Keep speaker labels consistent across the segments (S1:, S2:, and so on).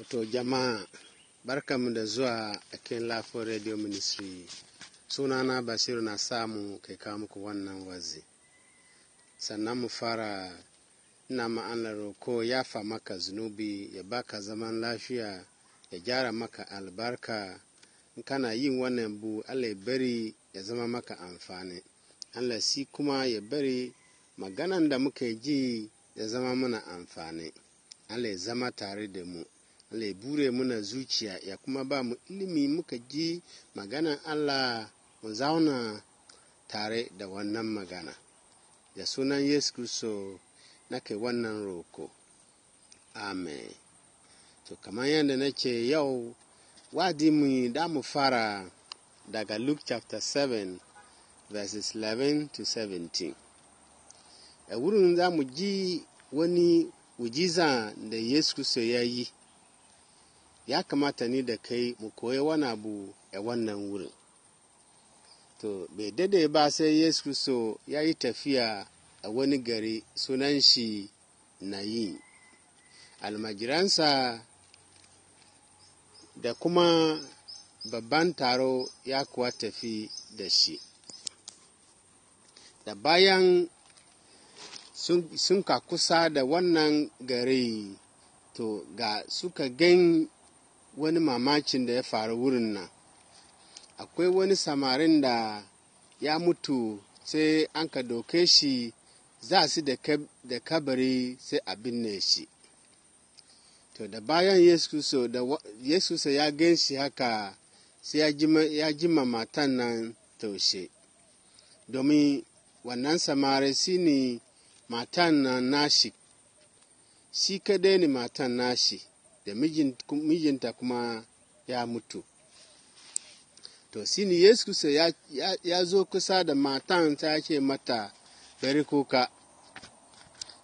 S1: Wato jama'a barkamu da zuwa a kin lafo radio ministry sunana basiru na samu kai kawo muku wannan wazi sannan mu fara ina ma'anar roko ya fa maka zunubi ya baka zaman lafiya ya gyara maka albarka in kana yin wannan bu allah bari ya zama maka amfani allah si kuma ya bari maganan da muka ji ya zama mana amfani allah ya zama tare da mu ya bure muna zuciya ya kuma ba mu ilimi muka ji maganan Allah mu zauna tare da wannan magana da sunan yesu kristo kai wannan roko amen to kamar yadda na ce yau mu da mu fara daga luke chapter 7 verses 11 to 17 a wurin za mu ji wani ujiza da yesu kristo ya yi ya kamata ni da kai mu koyi wani abu a wannan wurin to bai daidai ba sai yesu so ya yi tafiya a wani gari sunan shi nayin almajiransa da kuma babban taro ya kuwa tafi da shi da bayan sun ka kusa da wannan gari to ga suka gan wani mamakin da ya faru wurin nan akwai wani samarin da ya mutu sai an ka doke shi za su da kabari sai a binne shi to da bayan yesu ya gan shi haka sai ya jima matan nan taushe domin wannan samari shi ne matan nan nashi shi kadai ne matan nashi da mijinta kuma ya mutu to shine yesu kusa ya, zo kusa da matan ta ce mata bari kuka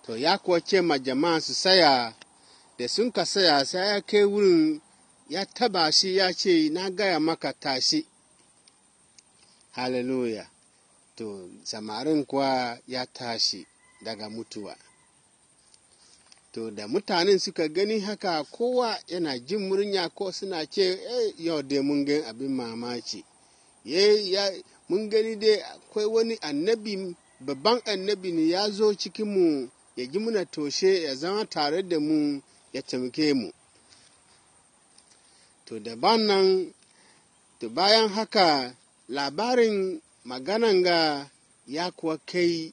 S1: to ya kuwa ce ma jama'a su saya da sun ka saya sai ya kai wurin ya taba shi ya ce na gaya maka tashi hallelujah to samarin kuwa ya tashi daga mutuwa to da mutanen suka gani haka kowa yana jin murya ko suna ce eh, yau dai mun gani abin mamaci mun gani dai akwai wani annabi babban annabi ne ya zo cikinmu ya ji muna toshe ya zama tare da mu ya taimake mu to da nan to bayan haka labarin maganan ga ya kuwa kai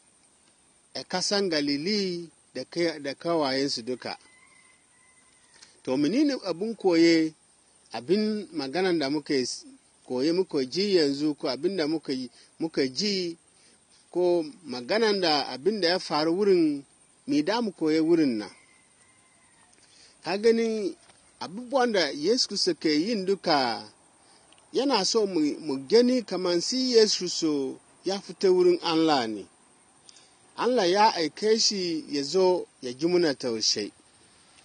S1: a kasan galili da kawayensu duka to menene abin koye abin maganan da muka koye muka ji yanzu ko abin da muka ji ko maganan da abin da ya faru wurin mai da mu koye wurin nan ka gani abubuwan da yesu su ke yin duka yana so mu gani kamar si yesu so ya fita wurin allah ne Allah ya aike shi ya zo ya ji muna taushe,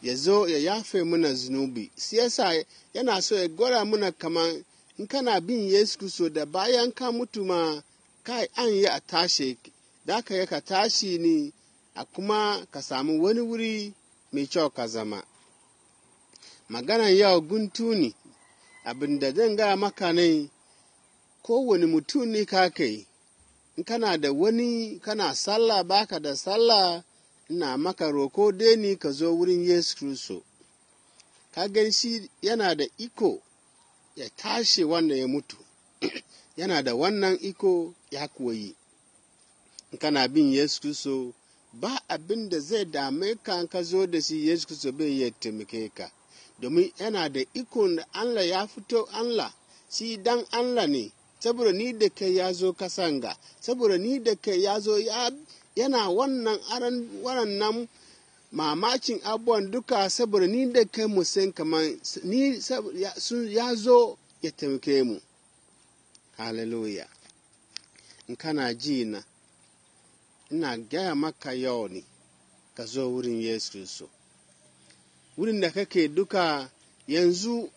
S1: ya zo ya yafe muna zunubi, siyasa yana so ya gwada muna kaman in kana bin Yesu Kristo da bayan ka mutu ma kai an yi a tashe, da ka yi ka tashi ni a kuma ka samu wani wuri mai kyau ka zama. Maganan yau guntu ne, abin da zan gaya maka ne, kowane mutum ne ka kai, in kana da wani kana sallah baka da sallah ina maka roko deni ka zo wurin yesu kristo ka gan shi yana da iko ya tashi wanda ya mutu yana da wannan iko ya koyi yi in kana bin yesu kristo ba abin da zai dame ka ka zo da shi yesu kristo bai iya taimake ka domin yana da ikon da allah ya fito allah shi dan allah ne saboda ni da kai ya zo kasanga saboda ni da kai ya zo yana wannan aran wannan mamakin abubuwan duka saboda ni da kai mu san kaman ni ya zo ya taimake mu hallelujah in kana ji na ina gaya maka yau ne ka zo wurin yesu so wurin da kake duka yanzu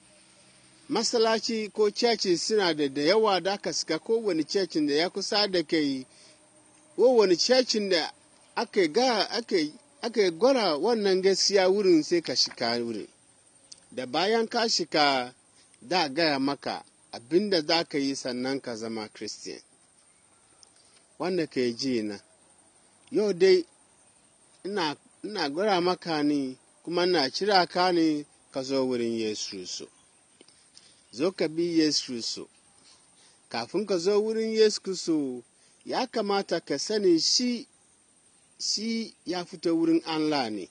S1: masallaci ko cecin suna da da yawa da aka suka kowane cecin da ya kusa da yi kowane cecin da aka ga gwara wannan gaskiya wurin sai ka shika wurin da bayan ka shika da gaya maka abinda za ka yi sannan ka zama christian wanda ka ji na yau dai ina gwara maka ne kuma na cira ka ne ka zo wurin yesu so zo ka bi Yesu Kristo. Kafin ka zo wurin Yesu Kristo, ya kamata ka sani shi, shi ya fito wurin Allah ne,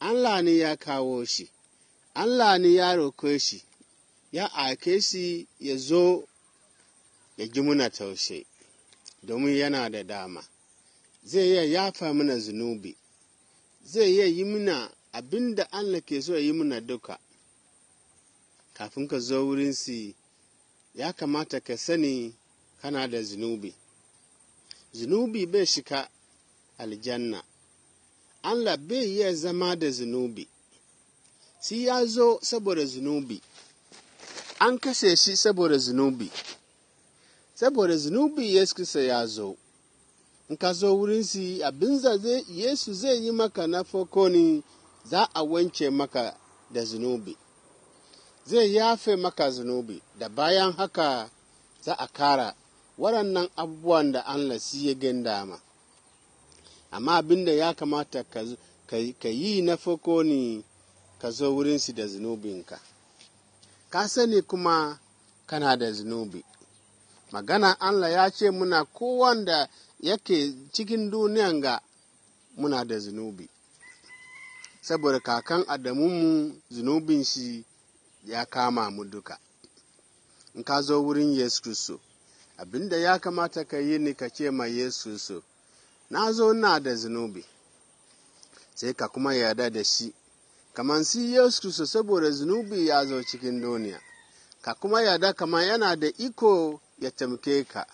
S1: Allah ne ya kawo shi, Allah ne ya roƙe shi, ya ake shi ya zo ya ji muna taushe, domin yana da dama. Zai iya yafa mana zunubi, zai iya yi mana abin da Allah ke so ya yi mana duka. kafin ka zo wurin ya kamata ka sani kana da zunubi zunubi bai shika aljanna allah bai iya zama da zunubi si ya zo saboda zunubi an kashe shi saboda zunubi saboda zunubi yesu kisa ya zo in ka zo wurin su abin yesu zai yi maka na farko za a wance maka da zunubi zai yafe maka zunubi da bayan haka za a kara waɗannan abubuwan da Allah shi ya gan dama amma abin da ya kamata ka yi na farko ne ka zo wurinsu da zunubinka ka sani kuma kana da zunubi magana Allah ya ce muna kowanda yake cikin duniyan ga muna da zunubi saboda kakan adamunmu zunubin shi ya kama mu duka in ka zo wurin yesu kristo abinda ya kamata ka yi ni ka ce ma yesu kristo na zo na da zunubi sai ka kuma yarda da shi kamar si yesu kristo saboda zunubi ya zo cikin duniya ka kuma yada kaman yana da iko ya tamke ka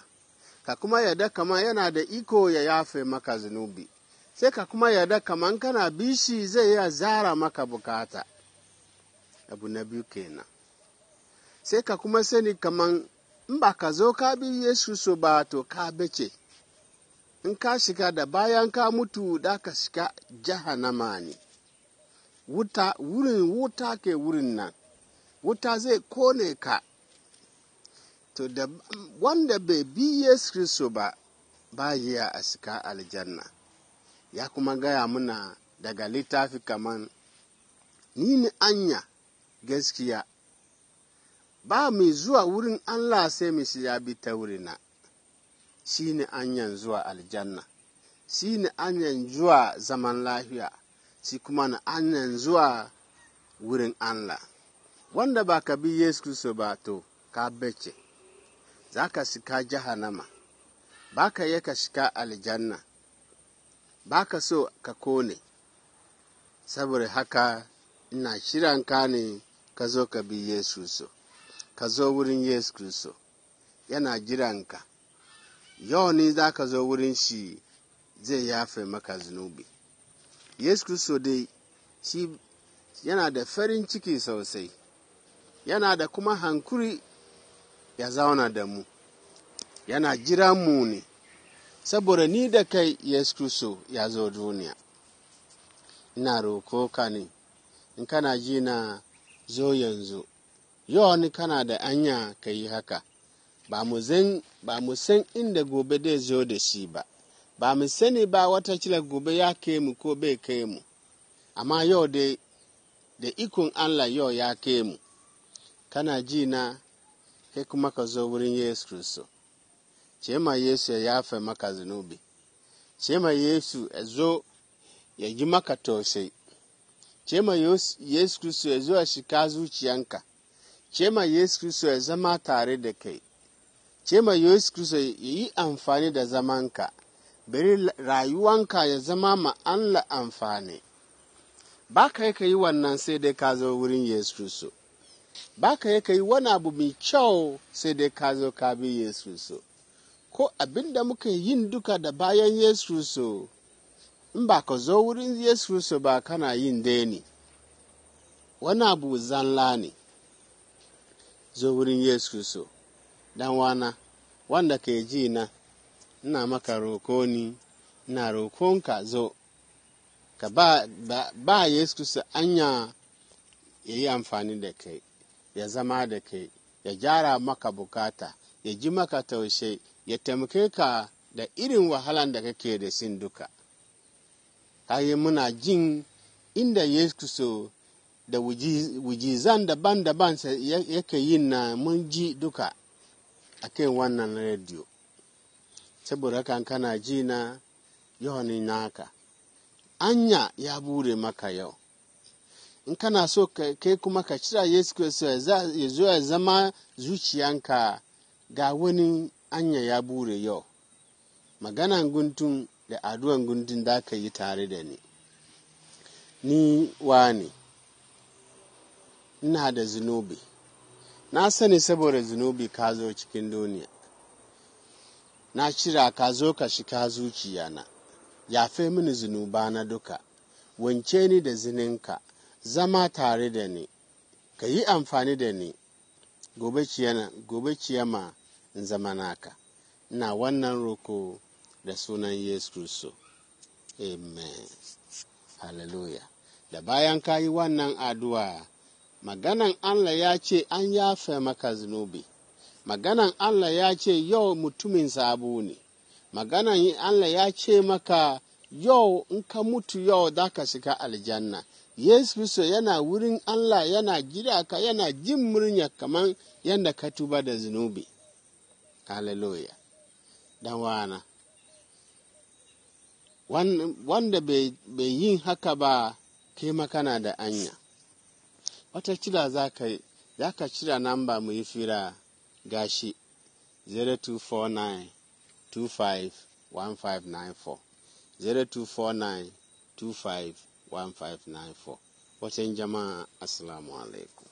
S1: ka kuma yada kaman yana da iko ya yafe maka zunubi sai ka kuma yarda kaman kana bishi zai iya zara maka bukata abu na biyu kenan sai ka kuma sani kaman in ba ka zo ka bi yesu so ba to ka bace in ka shiga da bayan ka mutu da ka shiga jahannama ne wuta wurin wuta ke wurin nan wuta zai kone ka to da wanda bai bi yesu so ba ba ya a shiga aljanna ya kuma gaya muna daga littafi kaman ni ni anya gaskiya ba mai zuwa wurin Allah sai shi ya bi ta wurina shi ne anyan zuwa aljanna shi ne anyan zuwa zaman lafiya shi kuma na anyan zuwa wurin Allah wanda ba ka bi Yesu Kristo ba to ka bace za ka shiga jahannama ba ka yi ka shika aljanna ba ka so ka kone saboda haka ina shiranka ka ne ka zo ka bi yesu so ka zo wurin yesu so yana jiranka yau ne za ka zo wurin shi zai yafe maka zunubi yesu so dai shi yana da farin ciki sosai yana da kuma hankuri ya zauna da mu yana jira mu ne saboda ni da kai yesu kristo ya zo duniya ina roko ka ne in kana ji na zo yanzu yau kana da anya ka yi haka ba mu san inda gobe dai zo da shi ba ba mu sani ba wata kila gobe ya kai mu ko bai kai mu amma yau dai da ikon allah yau ya kai mu kana ji na kai kuma ka zo wurin yesu kristo ce ma yesu ya yafe maka zunubi ce ma yesu ya zo ya yi maka tausayi ce ma Yesu Kristo ya zuwa shika zuciyanka, ce ma Yesu Kristo ya zama tare da kai, ce ma Yesu Kristo ya yi amfani da zamanka, bari rayuwanka ya zama ma amfani. Ba ka yi ka yi wannan sai dai ka zo wurin Yesu Kristo, ba ka yi ka yi wani abu mai kyau sai dai ka zo ka bi Yesu Kristo, ko abin da muka yin duka da bayan Yesu Kristo. in ba ka zo wurin yesu kristo ba kana yin deni wani abu zanla ne zo wurin yesu kristo dan wana wanda ka ji na ina maka roko ni ina rokonka zo ka ba, ba, ba yesu kristo anya ya yi amfani da kai ya zama da kai ya gyara maka bukata ya ji maka taushe ya taimake ka da irin wahalan da kake da sin duka kaga muna jin inda yesu so da wujizan daban-daban yake yi na mun ji duka a kan wannan rediyo saboda kan kana ji na na naka anya ya bure maka yau in kana so kai kuma ka cira yesu kristo ya zo ya zama zuciyanka ga wani anya ya bure yau maganan guntun da aduwan gundun da ka yi tare da ni ni wa ne ina da zunubi na sani saboda zunubi ka zo cikin duniya na cira ka zo ka shiga zuciyana yafe mini zunuba na duka wance ni da zininka zama tare da ni ka yi amfani da ni gobe ciyama in zama naka na wannan roko da sunan Yesu Kristo. Amen. Hallelujah. Da bayan ka yi wannan addu'a, maganan Allah ya ce an yafe maka zunubi, maganan Allah ya ce yau mutumin sabu ne, maganan Allah ya ce maka yau in ka mutu yau za ka shiga aljanna. Yesu Kristo yana wurin Allah yana gida ka yana jin murya kamar yadda ka tuba da zunubi. Hallelujah. Dan wana. wanda bai yin haka ba kai makana da anya watakila za ka za ka cira namba mu yi fira gashi 0249251594 0249251594 watan jama'a assalamu alaikum